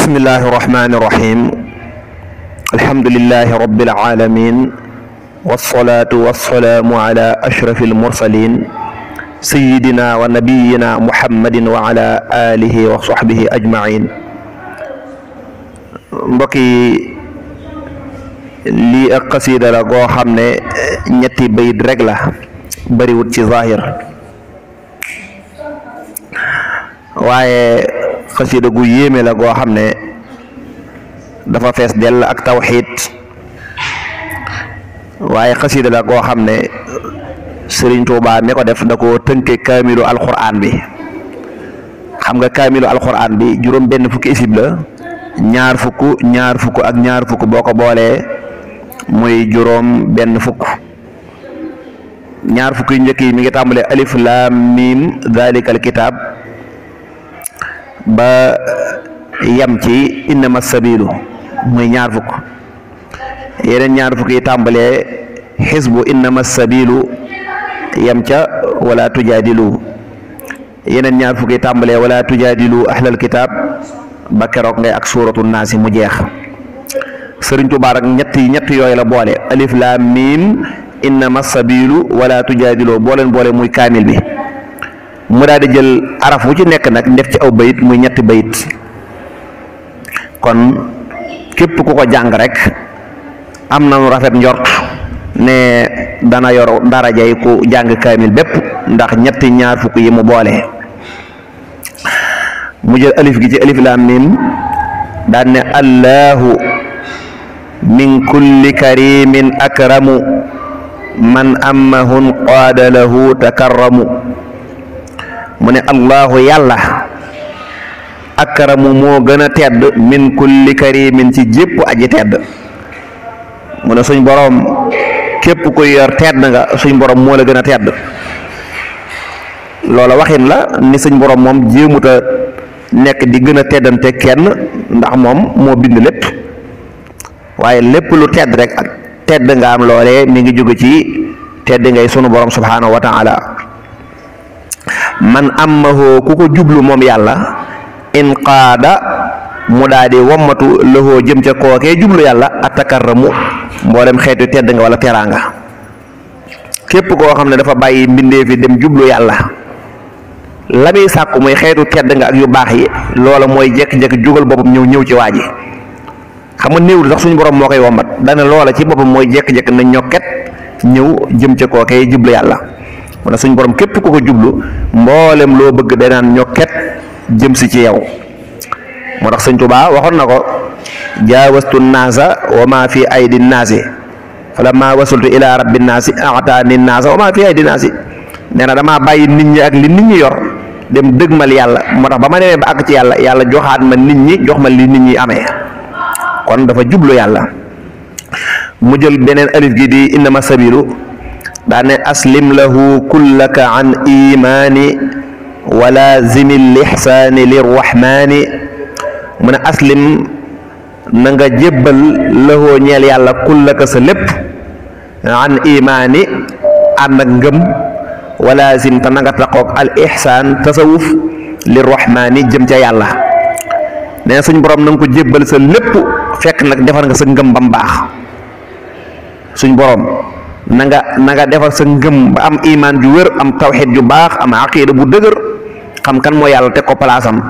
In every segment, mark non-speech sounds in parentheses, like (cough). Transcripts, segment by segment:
بسم الله الرحمن الرحيم الحمد لله رب العالمين والصلاة والسلام على أشرف المرسلين سيدنا ونبينا محمد وعلى آله وصحبه أجمعين بقي لي أقصد لغو خمنا نتي بيد رجلة بريوتي ظاهر وعي xasida gu yéeme la goo xam ne dafa fees dell ak tawxiit waaye xasida la goo xam ne Sëriñ Tuubaa mi ko def da ko tënke kaamilu alxuraan bi xam nga kaamilu alxuraan bi juróom benn fukki isib la ñaar fukk ñaar fukk ak ñaar fukk boo ko boolee muy juróom benn fukk ñaar fukk njëkk yi mi ngi tàmbalee alif laam daalikal kitaab ba eh, yam ci innama sabilu muy ñaar fukk yeneen ñaar fukk yi tàmbalee xisbu innama sabilu yam ca wala tujaadilu yeneen ñaar fukk yi tàmbalee wala tujaadilu ahlal kitaab ba keroog ngay ak suuratu naasi mu jeex sëriñ Tuubaa ak ñett ñett yooyu la boole alif laam miim innama sabilu wala tujaadilu booleen boole muy kaamil bi mu daal di jël araf wu ci nekk nag def ci aw bayit muy ñetti bayit kon képp ku ko jàng rek am nu rafet njort ne dana yor jay ku jàng kamil bépp ndax ñetti ñaar fukk yi mu boole mu jël alif gi ci alif lam mim dan ne allahu min kulli karimin akramu man ammahun qadalahu lahu takarramu mu ne allahu yàlla ak akramu moo gën a tedd min kulli karimin ci jépp aji tedd mu ne suñ boroom képp kuy yor tedd nga suñ boroom moo la gën a tedd loola waxin la ni suñ boroom moom jéemut a nekk di gën a teddante kenn ndax moom moo bind lépp waaye lépp lu tedd rek ak tedd nga am loolee mi ngi jóge ci tedd ngay sunu boroom subhaanahu wa taala man amahoo ku ko jublu moom yàlla inqaada mu daa di wommatu lahoo jëm ca kookee jublu yàlla attakarramu mboolem xeetu tedd nga wala teraanga képp koo xam ne dafa bàyyi mbindee fi dem jublu yàlla la muy sàkku muy xeetu tedd nga ak yu baax yi loola mooy jekk-jekk jugal boppam ñëw ñëw ci waa ji xam nga néewul sax suñu borom moo koy wombat dana loola ci boppam mooy jekk-jekk na ñokket ñëw jëm ca kookee jublu yàlla wala suñ borom képp ku ko jublu mbollem lo bëgg day naan ñokket jëm ci ci yaw mo tax señ touba waxon nako ko jaawastu wa ma fi aidin naasi falamma wasultu ila rabbin nasi a'tani nasa wa ma fi aidin nasi neena dama bayyi nit ñi ak li nit ñi yor dem deggmal yalla mo tax bama neewé ba ak ci yalla yalla joxaat ma nit ñi jox ma li nit ñi amé kon dafa jublu yalla mu jël benen alif gi di inna sabilu داني أسلم له كلك عن إيماني ولازم الإحسان للرحمن من أسلم نجا جبل له نيال على كلك سلب عن إيماني عن نغم ولازم تنغا تقوك الإحسان تصوف للرحمن جم جاي الله نيا سنج بروم نانكو جيبال سا لب فك نك ديفار نغا سا نغم nga deva nga defal sa ngeum ba am iman ju wër am tawhid ju bax am aqida bu dëgër xam kan mo yalla teg ko palaasam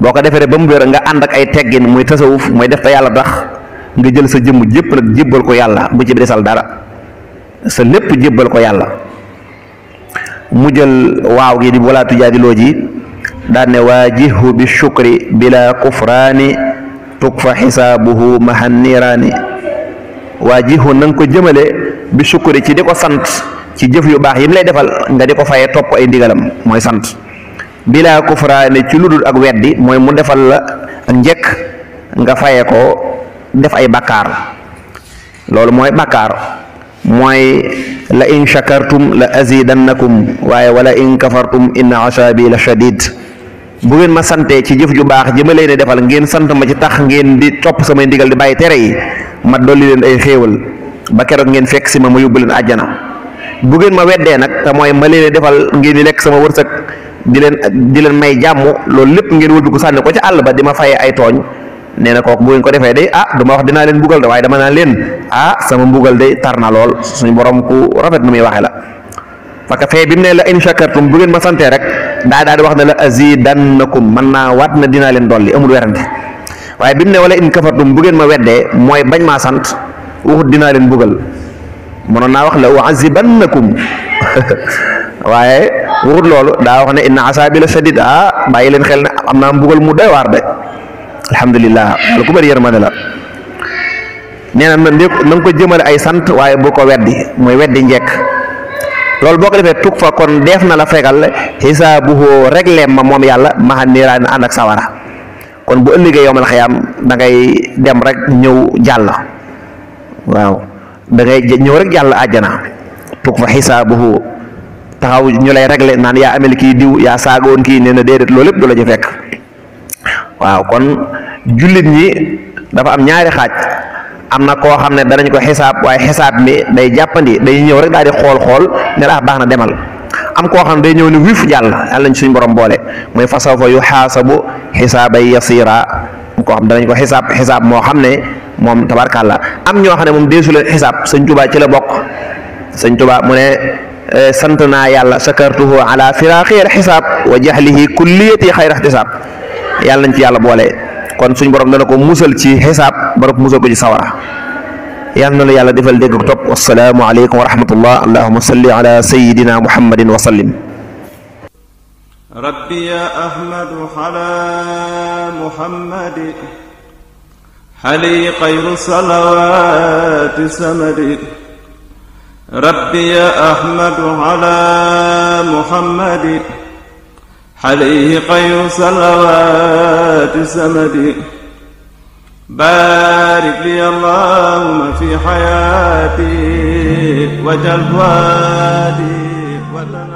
boo ko defee ba nga ànd ak ay teggin muy tasawuf muy def ta yalla tax nga jël sa jëm jépp nak jébbal ko yalla bu ci desal dara sa lepp jébbal ko yalla mu jël waw gi di wala tujaadiloo ji da ne wajihu bi shukri bila kufrani tukfa hisabuhu mahannirani waa jihu na ko jëmale bi sukkuri ci di ko sant ci jëf yu baax yi mu lay defal nga di ko faye topp ay ndigalam mooy sant bilaa kufraane ci lu ludul ak weddi mooy mu defal la njëkk nga faye ko def ay bakkaar loolu mooy bakkaar mooy la in shakartum la azidannakum waaye wala in kafartum inna asabi la shadid bu ngeen ma santee ci jëf ju baax jëmalee ne defal ngeen sant ma ci tax ngeen di topp samay ndigal di bàyyi tere yi ma doli len ay xewal ba kero ngeen fek sima mu ma yóbbu leen bu ngeen ma wedde nak ta moy ma leen defal ngeen lek sama wursak di len di len may jamm lol lepp ngeen wëlbu ko sanni ko ci àll ba di ma ay togn neena ko bu ngeen ko defee day ah duma wax dina len bugal de way dama na len ah sama bugal day tarna lol suñu borom ku rafet numuy waxe la faka fee bi la in shakartum bu ngeen ma sante rek da da di wax na la azidannakum man na wat na dinaa doli dolli amul werante waaye bi mu ne wala in kafartum bu ngeen ma weddee mooy bañ maa sant waxut dinaa leen bugal mënoon naa wax la wa azibannakum (laughs) waaye waxut loolu daa wax ne inna asaabi la sadid ah bàyyi leen xel ne am naa mbugal mu doy waar de alhamdulilah lu ko bëri yërmande la nee na na nga ko jëmale ay sant waaye bu ko weddi mooy weddi njekk loolu boo ko defee tukk fa kon def na la fegal xisaabuhu régleem ma moom yàlla maxa niiraan ak sawara kon bu ëllëgee yowmal xayaam da ngay dem rek ñëw jàll waaw da ngay ñëw rek jàll àjjana tuug fa xisaabuhu taxaw ñu lay leen naan yaa amel kii diw yaa saagoon kii nee na déedéet loolu lépp du la ci fekk waaw kon jullit ñi dafa am ñaari xaaj am na koo xam ne danañ ko xisaab waaye xisaab mi day jàppandi day ñëw rek daal di xool xool ne la ah, baax na demal am koo xam day ñëw ni wif jàll yàlla nañ suñ borom boole mooy fasaw fa yu xaasabu xisaabay yasira am koo xam danañ ko xisaab xisaab moo xam ne moom tabarkàlla am ñoo xam ne moom deesu leen xisaab sëñ Tuubaa ci la bokk sëñ Tuubaa mu ne e, sant naa yàlla sa sakartuhu ala firaaqi xisaab wa jahlihi kulliyati xayra xisaab yàlla nañ ci yàlla boole kon suñ borom dana ko musal ci xisaab barab musal ko ci sawara يامن لي على ديفال ديك توب والسلام عليكم ورحمه الله اللهم صل على سيدنا محمد وسلم ربي يا احمد على محمد حلي خير الصلوات سمد ربي يا احمد على محمد عليه خير الصلوات سمد بارك لي اللهم في حياتي وجل وادي